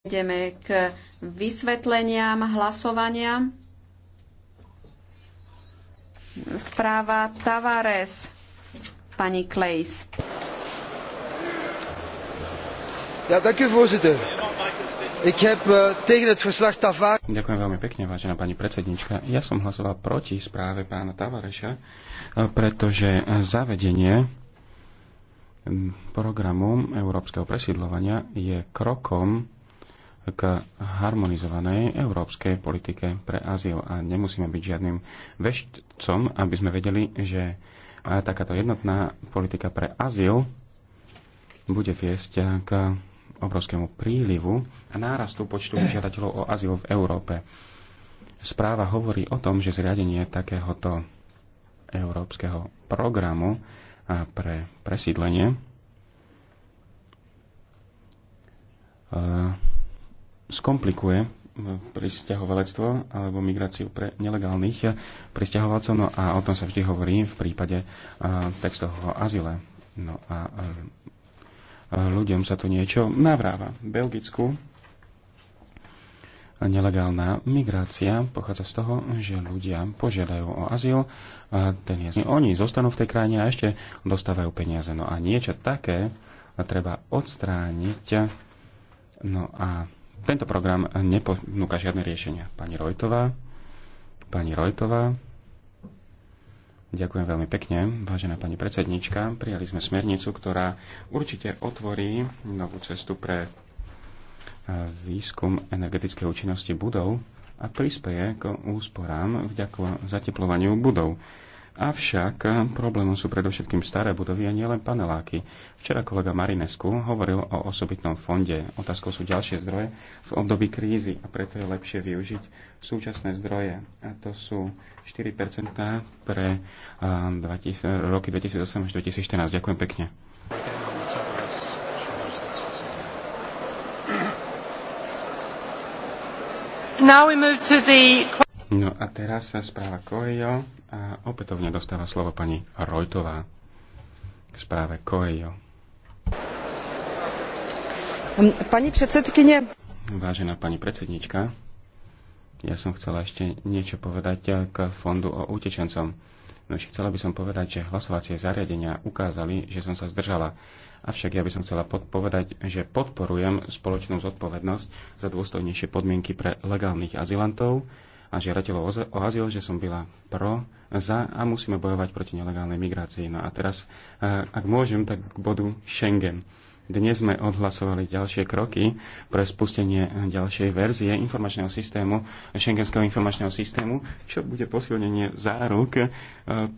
Ideme k vysvetleniam hlasovania. Správa Tavares, pani Klejs. Ja, voorzitter. Ik heb uh, tegen het verslag Tavares... Ďakujem veľmi pekne, vážená pani predsednička. Ja som hlasoval proti správe pána Tavareša, eh, pretože zavedenie hm, programu európskeho presídlovania je krokom k harmonizovanej európskej politike pre azyl a nemusíme byť žiadnym veštcom, aby sme vedeli, že takáto jednotná politika pre azyl bude viesť k obrovskému prílivu a nárastu počtu žiadateľov o azyl v Európe. Správa hovorí o tom, že zriadenie takéhoto európskeho programu pre presídlenie e, skomplikuje eh, pristahovalectvo alebo migráciu pre nelegálnych eh, pristahovalcov, no a o tom sa vždy hovorí v prípade eh, textov o azile. No a ľuďom sa tu niečo navráva. V Belgicku nelegálna migrácia pochádza z toho, že ľudia požiadajú o azyl, a ten je, oni zostanú v tej krajine a ešte dostávajú peniaze. No a niečo také treba odstrániť. No a tento program neponúka žiadne riešenia. Pani Rojtová, pani Rojtová, ďakujem veľmi pekne, vážená pani predsednička. Prijali sme smernicu, ktorá určite otvorí novú cestu pre e, výskum energetickej účinnosti budov a prispieje k úsporám vďaka zateplovaniu budov. Avšak eh, problémom sú predovšetkým staré budovy a nielen paneláky. Včera kolega Marinesku hovoril o osobitnom fonde. Otázkou sú ďalšie zdroje v období krízy a preto je lepšie využiť súčasné zdroje. A to sú 4% pre 20, eh, roky 2008 až 2014. Ďakujem pekne. Now we move to the... No a teraz sa správa Kojo a opätovne dostáva slovo pani Rojtová k správe Koejo. Pani predsedkynie. Vážená pani predsednička, ja som chcela ešte niečo povedať k fondu o utečencom. No chcela by som povedať, že hlasovacie zariadenia ukázali, že som sa zdržala. Avšak ja by som chcela povedať, že podporujem spoločnú zodpovednosť za dôstojnejšie podmienky pre legálnych azilantov a žiadateľov o azyl, že som byla pro, za a musíme bojovať proti nelegálnej migrácii. No a teraz, eh, ak môžem, tak k bodu Schengen. Dnes sme odhlasovali ďalšie kroky pre spustenie ďalšej verzie informačného systému, šengenského informačného systému, čo bude posilnenie záruk e,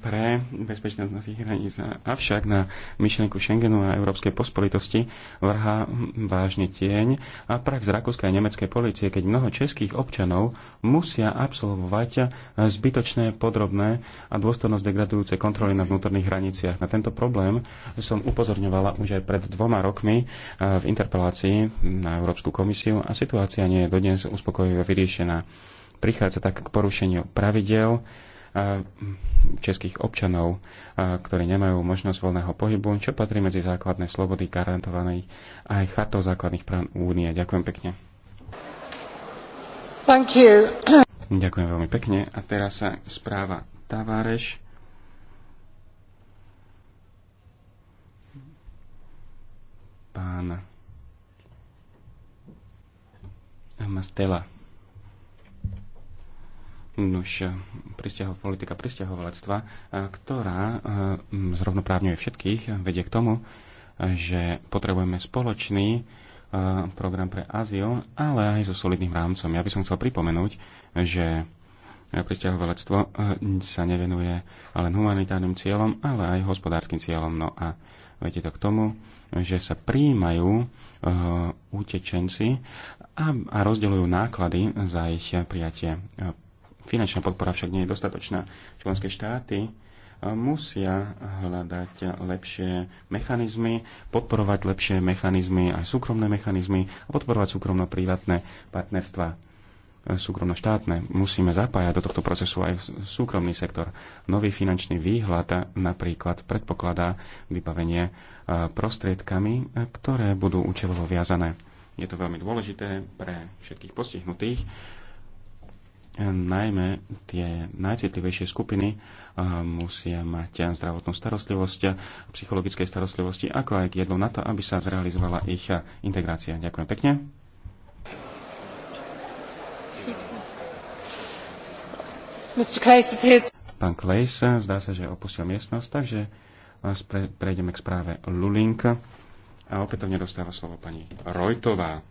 pre bezpečnosť našich hraníc. Avšak na myšlienku Schengenu a európskej pospolitosti vrhá vážne tieň a prax rakúskej a nemeckej policie, keď mnoho českých občanov musia absolvovať zbytočné, podrobné a dôstojnosť degradujúce kontroly na vnútorných hraniciach. Na tento problém som upozorňovala už aj pred dvoma rokmi rokmi e, v interpelácii na Európsku komisiu a situácia nie je dodnes uspokojivo vyriešená. Prichádza tak k porušeniu pravidel e, českých občanov, e, ktorí nemajú možnosť voľného pohybu, čo patrí medzi základné slobody garantovanej aj chartou základných práv únie. Ďakujem pekne. Thank you. Ďakujem veľmi pekne. A teraz sa správa Tavareš pán Mastela. Nuž, eh, pristiahov, politika pristahovalectva, eh, ktorá eh, zrovnoprávňuje všetkých, vedie k tomu, že potrebujeme spoločný program pre azyl, ale aj so solidným rámcom. Ja by som chcel pripomenúť, že pristahovalectvo sa nevenuje len humanitárnym cieľom, ale aj hospodárskym cieľom. No a Viete to k tomu, že sa príjmajú e, utečenci a, a rozdeľujú náklady za ich prijatie. E, finančná podpora však nie je dostatočná. Členské štáty e, musia hľadať lepšie mechanizmy, podporovať lepšie mechanizmy, aj súkromné mechanizmy a podporovať súkromno-privátne partnerstva súkromno-štátne. Musíme zapájať do tohto procesu aj súkromný sektor. Nový finančný výhľad napríklad predpokladá vybavenie e, prostriedkami, e, ktoré budú účelovo viazané. Je to veľmi dôležité pre všetkých postihnutých, e, najmä tie najcitlivejšie skupiny musia mať zdravotnú starostlivosť, psychologickej starostlivosti, ako aj jedlo na to, aby sa zrealizovala ich integrácia. Ďakujem pekne. Pán Klejs, eh, zdá sa, že opustil miestnosť, takže vás pre, prejdeme k správe Lulinka. A opätovne dostáva slovo pani Rojtová.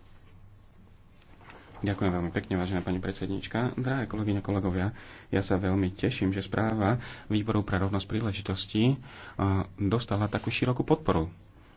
Ďakujem veľmi pekne, vážená pani predsednička. Drahé kolegyne, kolegovia, ja sa veľmi teším, že správa Výboru pre rovnosť príležitostí eh, dostala takú širokú podporu.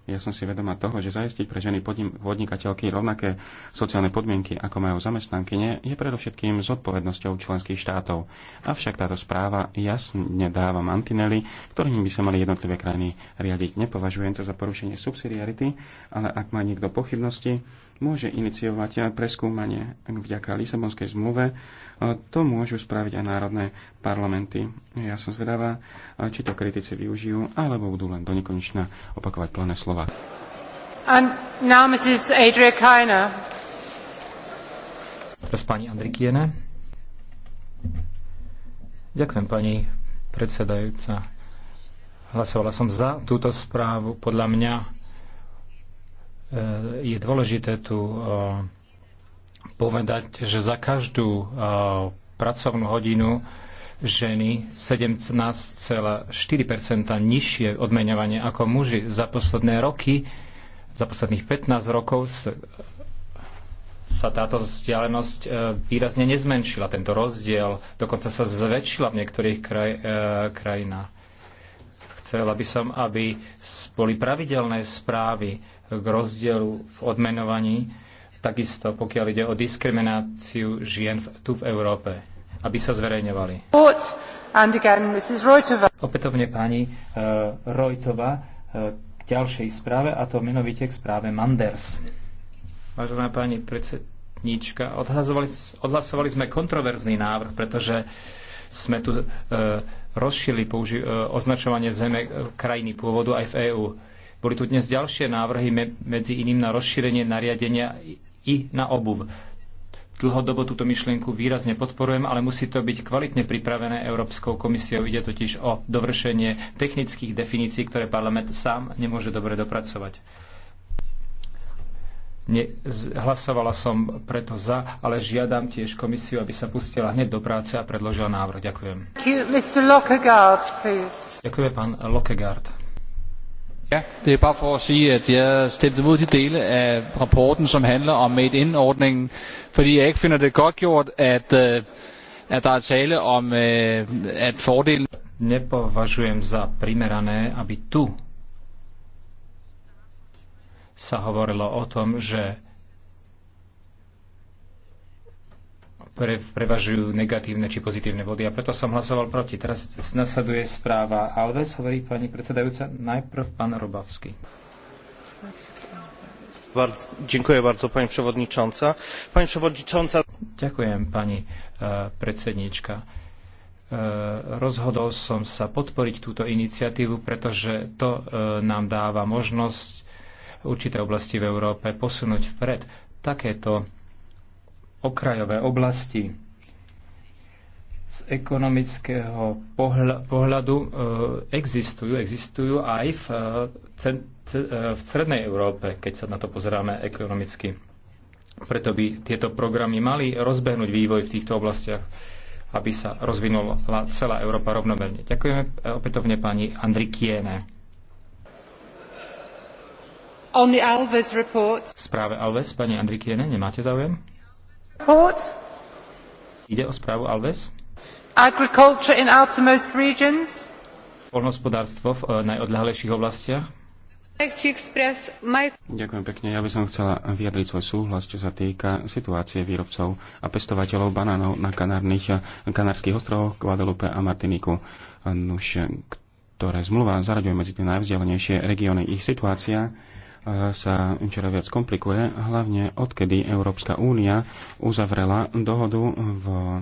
Ja som si vedoma toho, že zajistiť pre ženy podnikateľky rovnaké sociálne podmienky, ako majú zamestnankyne, je predovšetkým zodpovednosťou členských štátov. Avšak táto správa jasne dáva mantinely, ktorými by sa mali jednotlivé krajiny riadiť. Nepovažujem to za porušenie subsidiarity, ale ak má niekto pochybnosti, môže iniciovať aj preskúmanie vďaka Lisabonskej zmluve. To môžu spraviť aj národné parlamenty. Ja som zvedavá, či to kritici využijú, alebo budú len do nekonečna opakovať plné slova. And now Mrs. Adria Kiner. Pani Andrikiene. Ďakujem, pani predsedajúca. Hlasovala som za túto správu. Podľa mňa Eh, je dôležité tu eh, povedať, že za každú eh, pracovnú hodinu ženy 17,4 nižšie odmeňovanie ako muži za posledné roky, za posledných 15 rokov sa táto vzdialenosť výrazne nezmenšila, tento rozdiel dokonca sa zväčšila v niektorých kraj, krajinách. Chcela by som, aby boli pravidelné správy k rozdielu v odmenovaní, takisto pokiaľ ide o diskrimináciu žien tu v Európe, aby sa zverejňovali. Again, Opätovne pani uh, e, Rojtova uh, e, k ďalšej správe, a to menovite k správe Manders. Vážená pani predsedníčka, odhlasovali sme kontroverzný návrh, pretože sme tu uh, rozšili použi- označovanie zeme krajiny pôvodu aj v EÚ boli tu dnes ďalšie návrhy medzi iným na rozšírenie nariadenia i na obuv. Dlhodobo túto myšlienku výrazne podporujem, ale musí to byť kvalitne pripravené Európskou komisiou. Ide totiž o dovršenie technických definícií, ktoré parlament sám nemôže dobre dopracovať. Ne, hlasovala som preto za, ale žiadam tiež komisiu, aby sa pustila hneď do práce a predložila návrh. Ďakujem. Ďakujem, pán Lockegaard det er bare for at sige, at jeg stemte mod de dele af rapporten, som handler om made-in-ordningen, fordi jeg ikke finder det godt gjort, at, øh, at der er tale om, øh, at fordelen... Nepovažujem za primerané, aby tu sa hovorilo o tom, že pre, prevažujú negatívne či pozitívne body a preto som hlasoval proti. Teraz nasleduje správa Alves, hovorí pani predsedajúca, najprv pán Robavský. Bardzo, bardzo pani przewodnicząca. Pani przewodnicząca. Ďakujem pani uh, rozhodol som sa podporiť túto iniciatívu, pretože to e, nám dáva možnosť určité oblasti v Európe posunúť vpred. Takéto okrajové oblasti. Z ekonomického pohľadu e, existujú, existujú aj v, e, e, v strednej Európe, keď sa na to pozeráme ekonomicky. Preto by tieto programy mali rozbehnúť vývoj v týchto oblastiach, aby sa rozvinula celá Európa rovnomerne. Ďakujeme opätovne pani Andri Kiene. Správe Alves, pani Andri Kiene, nemáte záujem? Port. Ide o správu Alves. Agriculture in outermost regions. Polnospodárstvo v eh, najodľahlejších oblastiach. Ďakujem pekne. Ja by som chcela vyjadriť svoj súhlas, čo sa týka situácie výrobcov a pestovateľov banánov na kanárnych, kanárskych ostrovoch, Guadalupe a Martiniku. Nuž, ktoré zmluva zaraďuje medzi tie najvzdialenejšie regióny. Ich situácia sa čoraz viac komplikuje, hlavne odkedy Európska únia uzavrela dohodu v e,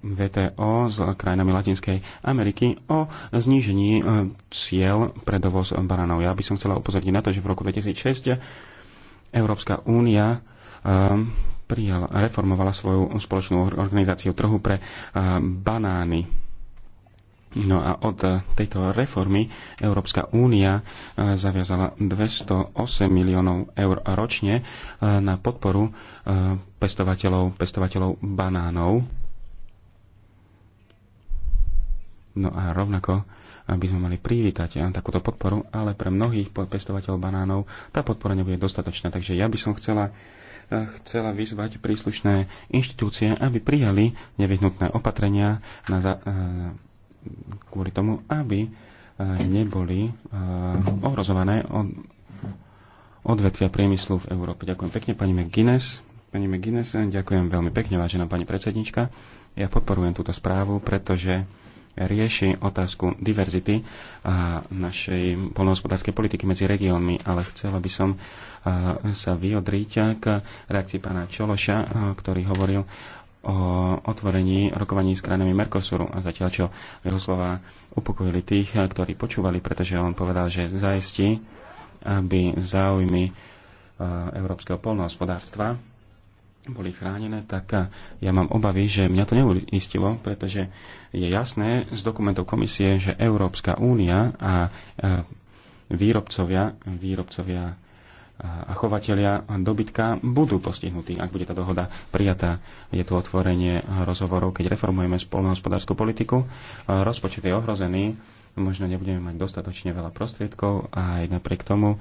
VTO s krajinami Latinskej Ameriky o znížení e, cieľ pre dovoz baranov. Ja by som chcela upozorniť na to, že v roku 2006 Európska únia e, prijal, reformovala svoju spoločnú organizáciu trhu pre banány No a od eh, tejto reformy Európska únia eh, zaviazala 208 miliónov eur ročne eh, na podporu pestovateľov, pestovateľov banánov. No a rovnako aby sme mali privítať ja, takúto podporu, ale pre mnohých pestovateľov banánov tá podpora nebude dostatočná. Takže ja by som chcela, chcela vyzvať príslušné inštitúcie, aby prijali nevyhnutné opatrenia na, za, kvôli tomu, aby e, neboli e, ohrozované odvetvia priemyslu v Európe. Ďakujem pekne pani McGuinness. Pani McGuinness, ďakujem veľmi pekne, vážená pani predsednička. Ja podporujem túto správu, pretože rieši otázku diverzity a našej polnohospodárskej politiky medzi regiónmi, ale chcela by som e, sa vyjadriť k reakcii pána Čološa, ktorý hovoril o otvorení rokovaní s krajinami Mercosuru a zatiaľ čo jeho slova upokojili tých, ktorí počúvali, pretože on povedal, že zaistí, aby záujmy e, európskeho polnohospodárstva boli chránené, tak e, ja mám obavy, že mňa to neuistilo, pretože je jasné z dokumentov komisie, že Európska únia a e, výrobcovia, výrobcovia a chovatelia dobytka budú postihnutí, ak bude tá dohoda prijatá. Je tu otvorenie rozhovorov, keď reformujeme spolnohospodárskú politiku. Rozpočet je ohrozený, možno nebudeme mať dostatočne veľa prostriedkov a aj napriek tomu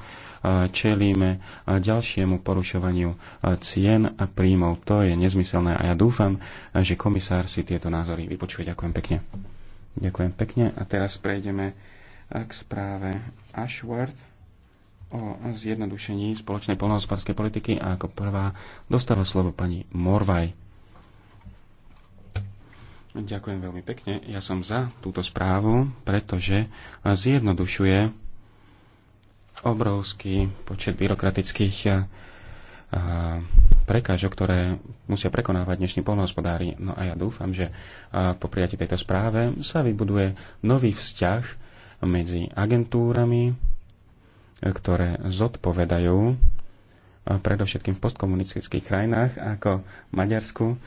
čelíme ďalšiemu porušovaniu cien a príjmov. To je nezmyselné a ja dúfam, že komisár si tieto názory vypočuje. Ďakujem pekne. Ďakujem pekne a teraz prejdeme k správe Ashworth o zjednodušení spoločnej polnohospodárskej politiky a ako prvá dostáva slovo pani Morvaj. Ďakujem veľmi pekne. Ja som za túto správu, pretože zjednodušuje obrovský počet byrokratických eh, prekážok, ktoré musia prekonávať dnešní polnohospodári. No a ja dúfam, že eh, po prijati tejto správe sa vybuduje nový vzťah medzi agentúrami, ktoré zodpovedajú e, predovšetkým v postkomunistických krajinách ako Maďarsku e,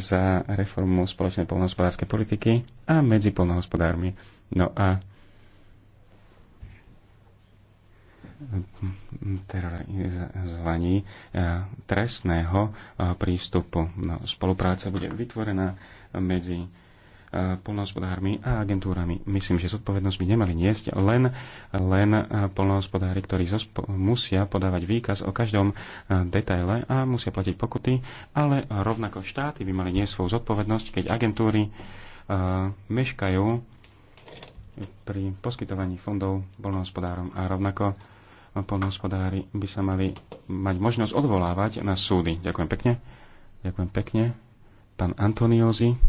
za reformu spoločnej polnohospodárskej politiky a medzi polnohospodármi. No a terorizovaní e, trestného prístupu. No, spolupráca bude vytvorená medzi polnohospodármi a agentúrami. Myslím, že zodpovednosť by nemali niesť len, len polnohospodári, ktorí musia podávať výkaz o každom eh, detaile a musia platiť pokuty, ale rovnako štáty by mali niesť svoju zodpovednosť, keď agentúry eh, meškajú pri poskytovaní fondov polnohospodárom a rovnako eh, polnohospodári by sa mali mať možnosť odvolávať na súdy. Ďakujem pekne. Ďakujem pekne. Pán Antoniozi.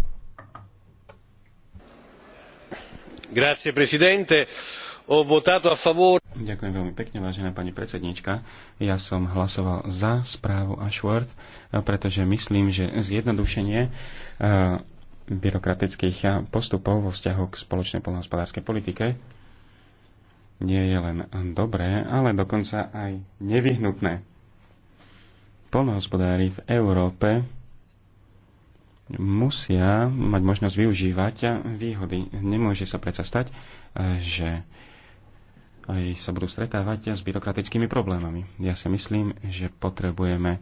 Ďakujem veľmi pekne, vážená pani predsedníčka. Ja som hlasoval za správu Ashworth, pretože myslím, že zjednodušenie eh, byrokratických eh, postupov vo vzťahu k spoločnej poľnohospodárskej politike nie je len dobré, ale dokonca aj nevyhnutné. Poľnohospodári v Európe musia mať možnosť využívať výhody. Nemôže sa predsa stať, eh, že aj sa budú stretávať s byrokratickými problémami. Ja si myslím, že potrebujeme eh,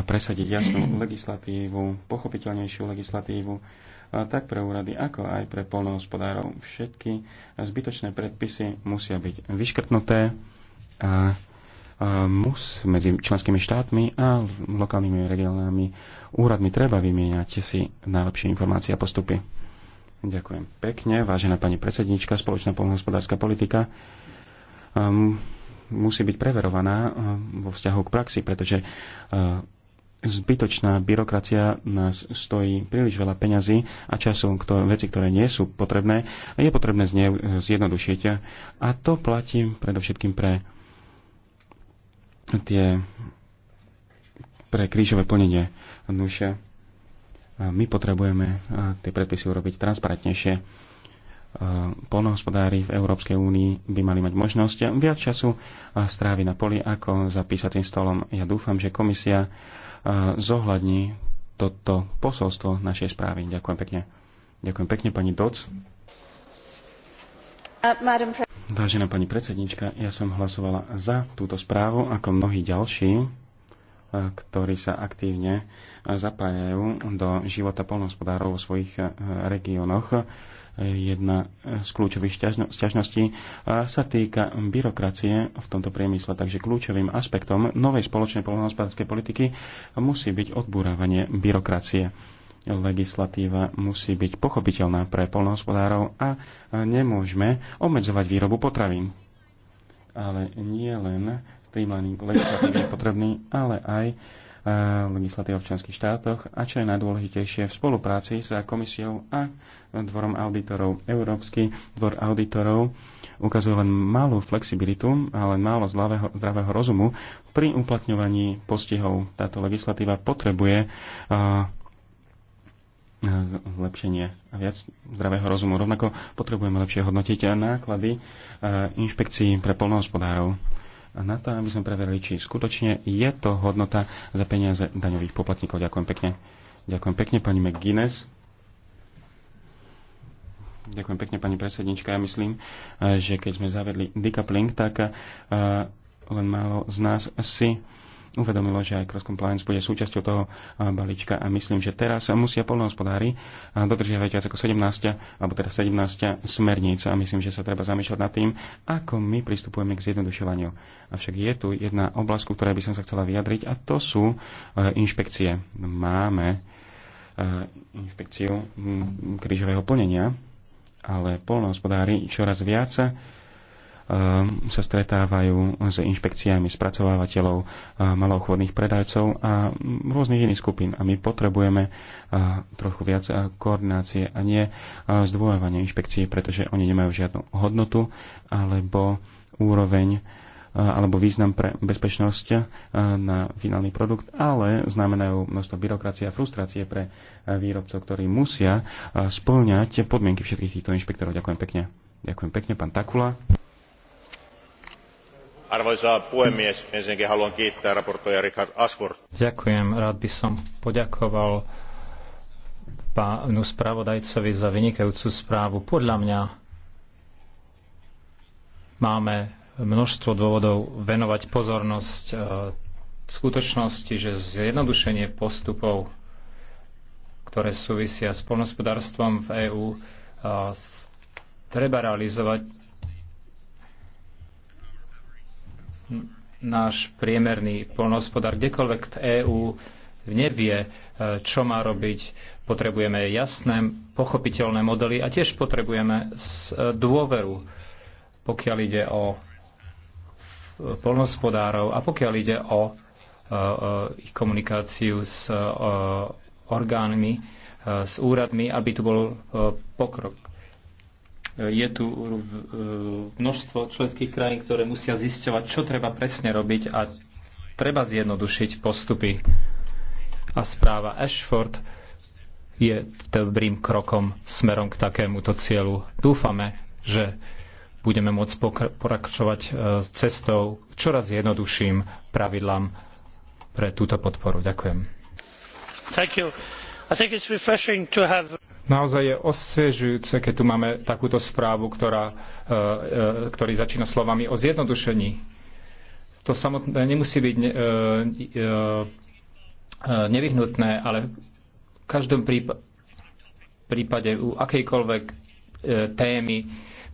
presadiť jasnú legislatívu, pochopiteľnejšiu legislatívu, eh, tak pre úrady, ako aj pre polnohospodárov. Všetky zbytočné predpisy musia byť vyškrtnuté a mus medzi členskými štátmi a lokálnymi regionálnymi úradmi treba vymieňať si najlepšie informácie a postupy. Ďakujem pekne, vážená pani predsednička, spoločná polnohospodárska politika um, musí byť preverovaná um, vo vzťahu k praxi, pretože uh, zbytočná byrokracia nás stojí príliš veľa peňazí a času, ktoré, veci, ktoré nie sú potrebné, je potrebné zjednodušiť. A to platí predovšetkým pre tie pre krížové plnenie duše. My potrebujeme tie predpisy urobiť transparentnejšie. Polnohospodári v Európskej únii by mali mať možnosť viac času stráviť na poli ako za písacím stolom. Ja dúfam, že komisia zohľadní toto posolstvo našej správy. Ďakujem pekne. Ďakujem pekne, pani Doc. Uh, Vážená pani predsednička, ja som hlasovala za túto správu ako mnohí ďalší, eh, ktorí sa aktívne eh, zapájajú do života polnohospodárov vo svojich eh, regiónoch. Jedna z kľúčových sťažností sa týka byrokracie v tomto priemysle, takže kľúčovým aspektom novej spoločnej polnohospodárskej politiky musí byť odburávanie byrokracie legislatíva musí byť pochopiteľná pre polnohospodárov a nemôžeme obmedzovať výrobu potravín. Ale nie len streamlining legislatívy je potrebný, ale aj legislatíva v členských štátoch a čo je najdôležitejšie v spolupráci s komisiou a dvorom auditorov. Európsky dvor auditorov ukazuje len malú flexibilitu a len málo zdravého, zdravého rozumu pri uplatňovaní postihov. Táto legislatíva potrebuje uh, zlepšenie a viac zdravého rozumu. Rovnako potrebujeme lepšie hodnotiť náklady e, inšpekcií pre polnohospodárov na to, aby sme preverili, či skutočne je to hodnota za peniaze daňových poplatníkov. Ďakujem pekne. Ďakujem pekne pani McGuinness. Ďakujem pekne pani predsednička. Ja myslím, e, že keď sme zavedli decoupling, tak e, len málo z nás si uvedomilo, že aj cross compliance bude súčasťou toho eh, balíčka a myslím, že teraz musia polnohospodári eh, dodržiavať viac ako 17, alebo teda 17 smerníc a myslím, že sa treba zamýšľať nad tým, ako my pristupujeme k zjednodušovaniu. Avšak je tu jedna oblasť, ktorá ktorej by som sa chcela vyjadriť a to sú eh, inšpekcie. Máme inšpekciu mm, krížového plnenia, ale polnohospodári čoraz viac Ehm, sa stretávajú s inšpekciami spracovávateľov, ehm, maloobchodných predajcov a rôznych iných skupín. A my potrebujeme ehm, trochu viac eh, koordinácie a nie eh, zdvojovanie inšpekcií, pretože oni nemajú žiadnu hodnotu alebo úroveň eh, alebo význam pre bezpečnosť na finálny produkt, ale znamenajú množstvo byrokracie a frustrácie pre výrobcov, ktorí musia spĺňať podmienky všetkých týchto inšpektorov. Ďakujem pekne. Ďakujem pekne, pán Takula. Arvoisa puhemies, ensinnäkin haluan kiittää raportoja Richard Ashford. Ďakujem, rád by som poďakoval pánu spravodajcovi za vynikajúcu správu. Podľa mňa máme množstvo dôvodov venovať pozornosť v e, skutočnosti, že zjednodušenie postupov, ktoré súvisia s polnospodárstvom v EÚ, e, treba realizovať náš priemerný polnohospodár kdekoľvek v EÚ nevie, e, čo má robiť. Potrebujeme jasné, pochopiteľné modely a tiež potrebujeme e, dôveru, pokiaľ ide o e, polnohospodárov a pokiaľ ide o ich komunikáciu s orgánmi, s úradmi, aby tu bol pokrok. Je tu e, množstvo členských krajín, ktoré musia zisťovať, čo treba presne robiť a treba zjednodušiť postupy. A správa Ashford je dobrým krokom smerom k takémuto cieľu. Dúfame, že budeme môcť pokračovať s e, cestou k čoraz jednodušším pravidlám pre túto podporu. Ďakujem. Have... Naozaj je osviežujúce, keď tu máme takúto správu, ktorá, e, e, ktorý začína slovami o zjednodušení. To samotné nemusí byť e, nevyhnutné, ale v každom prípade u akejkoľvek témy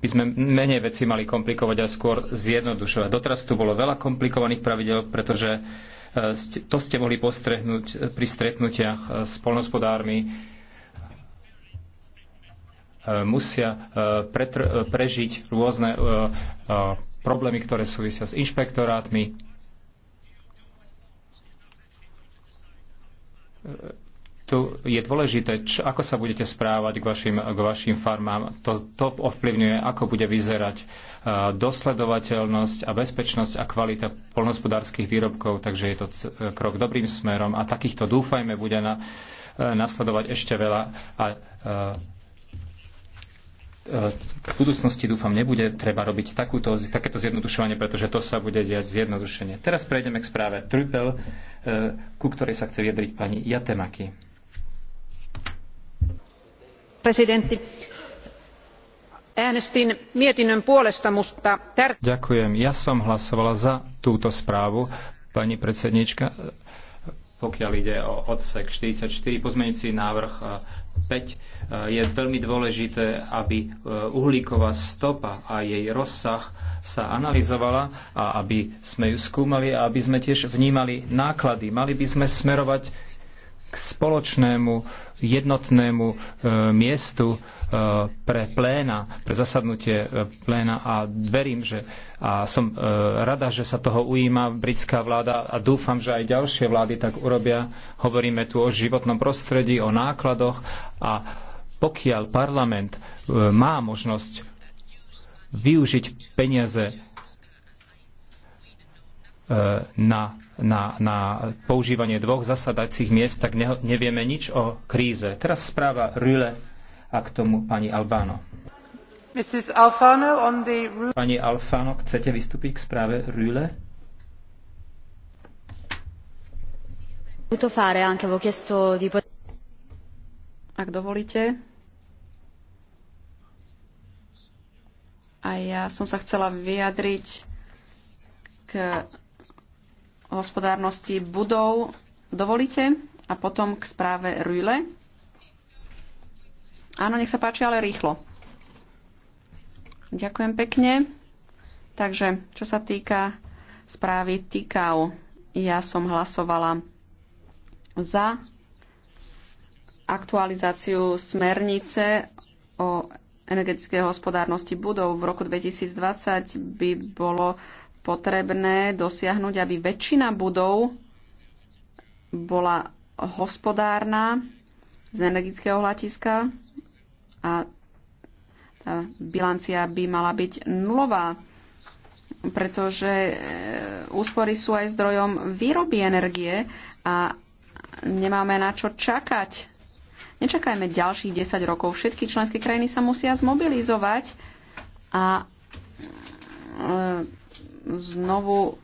by sme menej veci mali komplikovať a skôr zjednodušovať. Doteraz tu bolo veľa komplikovaných pravidel, pretože to ste mohli postrehnúť pri stretnutiach s polnospodármi, E, musia e, e, prežiť rôzne problémy, ktoré súvisia s inšpektorátmi. Tu je dôležité, čo, ako sa budete správať k vašim, k vašim farmám. To, to ovplyvňuje, ako bude vyzerať dosledovateľnosť a bezpečnosť a kvalita polnospodárských výrobkov, takže je to krok dobrým smerom a takýchto dúfajme bude na, nasledovať ešte veľa a v budúcnosti dúfam nebude treba robiť takúto, takéto zjednodušovanie, pretože to sa bude diať zjednodušenie. Teraz prejdeme k správe Trupel, eh, ku ktorej sa chce vyjadriť pani Jatemaki. Prezidenti, äänestin mietinnön puolesta, mutta tär... Ďakujem. Ja som hlasovala za túto správu, pani predsednička, pokiaľ ide o odsek 44, pozmenici návrh eh, Eh, je veľmi dôležité, aby eh, uhlíková stopa a jej rozsah sa analyzovala a aby sme ju skúmali a aby sme tiež vnímali náklady. Mali by sme smerovať k spoločnému jednotnému e, miestu e, pre pléna, pre zasadnutie e, pléna a verím, že a som e, rada, že sa toho ujíma britská vláda a dúfam, že aj ďalšie vlády tak urobia. Hovoríme tu o životnom prostredí, o nákladoch a pokiaľ parlament e, má možnosť využiť peniaze e, na na, na používanie dvoch zasadacích miest, tak ne, nevieme nič o kríze. Teraz správa Rüle a k tomu pani Albano. Mrs. Alfano on the... Pani Alfano, chcete vystúpiť k správe Rüle? Ak dovolíte, a ja som sa chcela vyjadriť k hospodárnosti budov dovolíte? A potom k správe Rüle. Áno, nech sa páči, ale rýchlo. Ďakujem pekne. Takže, čo sa týka správy TIKAU, ja som hlasovala za aktualizáciu smernice o energetickej hospodárnosti budov v roku 2020 by bolo potrebné dosiahnuť, aby väčšina budov bola hospodárna z energického hľadiska a tá bilancia by mala byť nulová, pretože e, úspory sú aj zdrojom výroby energie a nemáme na čo čakať. Nečakajme ďalších 10 rokov. Všetky členské krajiny sa musia zmobilizovať a e, znovu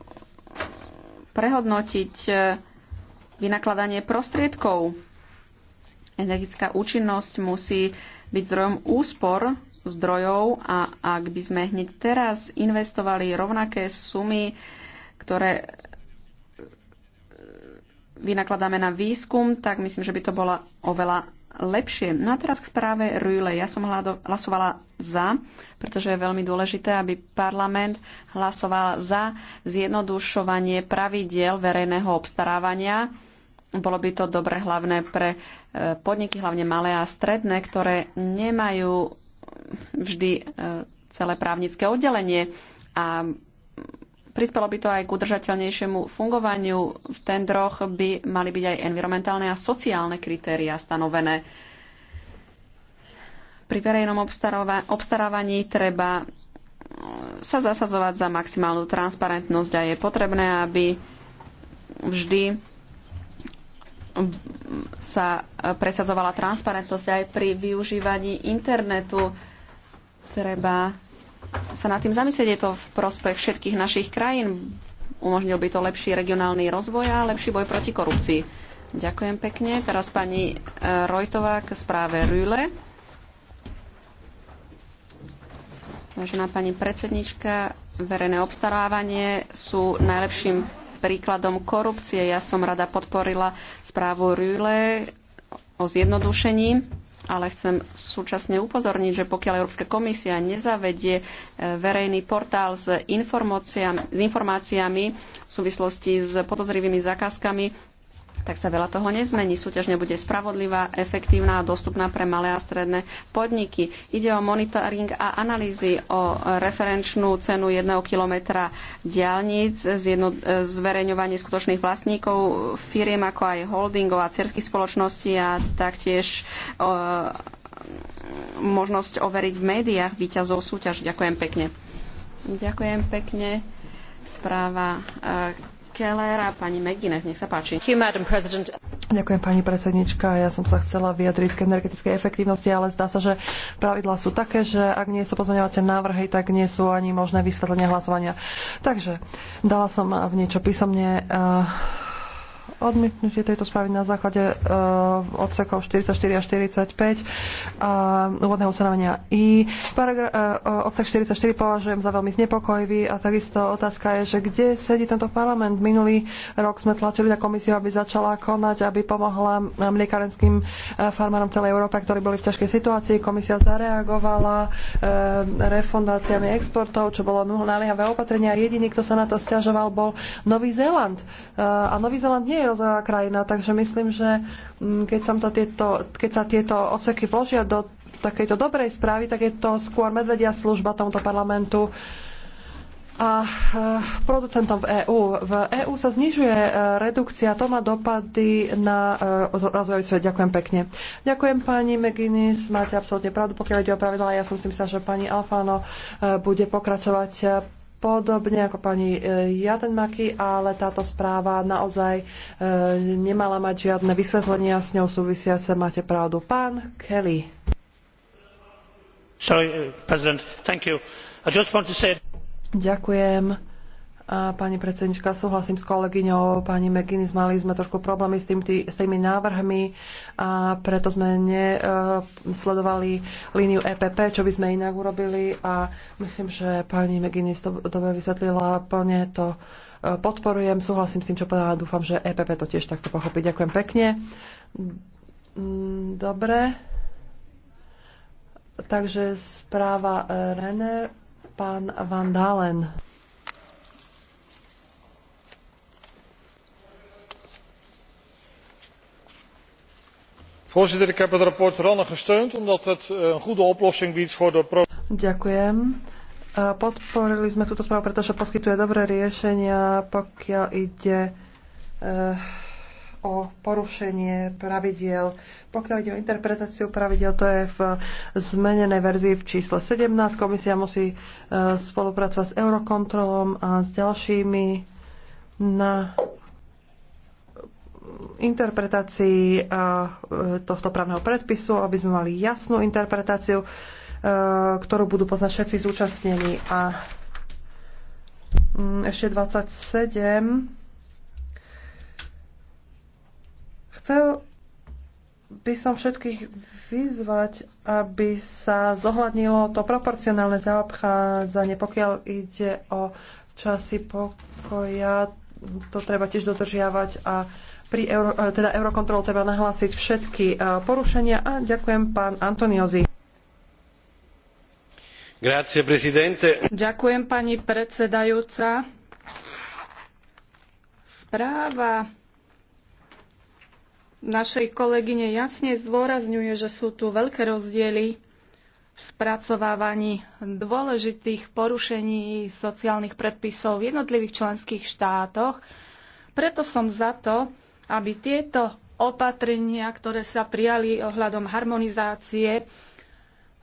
prehodnotiť e, vynakladanie prostriedkov. Energická účinnosť musí byť zdrojom úspor zdrojov a ak by sme hneď teraz investovali rovnaké sumy, ktoré e, vynakladáme na výskum, tak myslím, že by to bola oveľa lepšie. No a teraz k správe Rüle. Ja som hlasovala za, pretože je veľmi dôležité, aby parlament hlasoval za zjednodušovanie pravidiel verejného obstarávania. Bolo by to dobre hlavne pre e, podniky, hlavne malé a stredné, ktoré nemajú vždy e, celé právnické oddelenie a Prispelo by to aj k udržateľnejšiemu fungovaniu. V tendroch by mali byť aj environmentálne a sociálne kritéria stanovené. Pri verejnom obstarávaní treba eh, sa zasadzovať za maximálnu transparentnosť a je potrebné, aby vždy sa presadzovala transparentnosť aj pri využívaní internetu. Treba sa nad tým zamyslieť. Je to v prospech všetkých našich krajín. Umožnil by to lepší regionálny rozvoj a lepší boj proti korupcii. Ďakujem pekne. Teraz pani e, Rojtová k správe Rüle. Vážená pani predsednička, verejné obstarávanie sú najlepším príkladom korupcie. Ja som rada podporila správu Rüle o zjednodušení ale chcem súčasne upozorniť, že pokiaľ Európska komisia nezavedie e, verejný portál s informáciami, s informáciami v súvislosti s podozrivými zákazkami, tak sa veľa toho nezmení. Súťaž nebude spravodlivá, efektívna a dostupná pre malé a stredné podniky. Ide o monitoring a analýzy, o referenčnú cenu jedného kilometra diálnic, zverejňovanie skutočných vlastníkov firiem, ako aj holdingov a cerských spoločností a taktiež o, možnosť overiť v médiách výťazov súťaž. Ďakujem pekne. Ďakujem pekne. Správa e, pani McGuinness, nech sa páči. Ďakujem, pani predsednička. Ja som sa chcela vyjadriť k energetickej efektívnosti, ale zdá sa, že pravidlá sú také, že ak nie sú pozmeňovacie návrhy, tak nie sú ani možné vysvetlenia hlasovania. Takže dala som v niečo písomne. Uh, odmietnutie tejto správy na základe uh, odsekov 44 a 45 uh, e, úvodného ustanovenia I. Paragra- uh, odsek 44 považujem za veľmi znepokojivý a takisto otázka je, že kde sedí tento parlament. Minulý rok sme tlačili na komisiu, aby začala konať, aby pomohla mliekarenským farmárom celej Európe, ktorí boli v ťažkej situácii. Komisia zareagovala uh, refundáciami exportov, čo bolo naliehavé opatrenia. Jediný, kto sa na to stiažoval, bol Nový Zéland. Uh, a Nový Zéland nie je rozvojová krajina, takže myslím, že mm, keď, som to tieto, keď sa tieto odseky vložia do takejto dobrej správy, tak je to skôr medvedia služba tomuto parlamentu a e, producentom v EÚ. V EÚ sa znižuje e, redukcia, to má dopady na e, rozvojový svet. Ďakujem pekne. Ďakujem pani McGuinness, máte absolútne pravdu, pokiaľ ide o pravidla. Ja som si myslela, že pani Alfano bude pokračovať podobne ako pani e, Jadenmaky, ale táto správa naozaj e, nemala mať žiadne vysvetlenia s ňou súvisiace. Máte pravdu. Pán Kelly. Sorry, e, President. Thank you. I just want to say... Ďakujem a pani predsednička, súhlasím s kolegyňou pani McGinnis, mali sme trošku problémy s, tým, tý, s tými návrhmi a preto sme nesledovali e, líniu EPP, čo by sme inak urobili a myslím, že pani McGinnis to dobre vysvetlila, plne to e, podporujem, súhlasím s tým, čo povedala, dúfam, že EPP to tiež takto pochopí. Ďakujem pekne. Mm, dobre. Takže správa e, Renner, pán Van Dalen. Voorzitter, ik heb het rapport Ranne gesteund omdat het eh, een goede oplossing biedt voor de pro... Ďakujem. Podporili sme túto správu, pretože poskytuje dobré riešenia, pokiaľ ide eh, o porušenie pravidiel. Pokiaľ ide o interpretáciu pravidiel, to je v zmenenej verzii v čísle 17. Komisia musí eh, spolupracovať s Eurokontrolom a s ďalšími na interpretácii eh, tohto právneho predpisu, aby sme mali jasnú interpretáciu, eh, ktorú budú poznať všetci zúčastnení. A mm, ešte 27. Chcel by som všetkých vyzvať, aby sa zohľadnilo to proporcionálne zaobchádzanie, pokiaľ ide o časy pokoja. To treba tiež dodržiavať a pri Euro, e, teda Eurocontrol treba nahlásiť všetky e, porušenia a ďakujem pán Antoniozi. Grazie, presidente. Ďakujem pani predsedajúca. Správa našej kolegyne jasne zdôrazňuje, že sú tu veľké rozdiely v spracovávaní dôležitých porušení sociálnych predpisov v jednotlivých členských štátoch. Preto som za to, aby tieto opatrenia, ktoré sa prijali ohľadom harmonizácie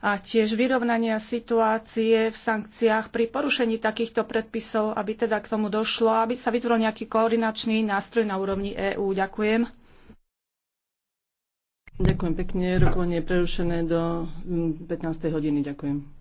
a tiež vyrovnania situácie v sankciách pri porušení takýchto predpisov, aby teda k tomu došlo, aby sa vytvoril nejaký koordinačný nástroj na úrovni EÚ. Ďakujem. Ďakujem pekne. Rokovanie je prerušené do 15. Mm, hodiny. Ďakujem.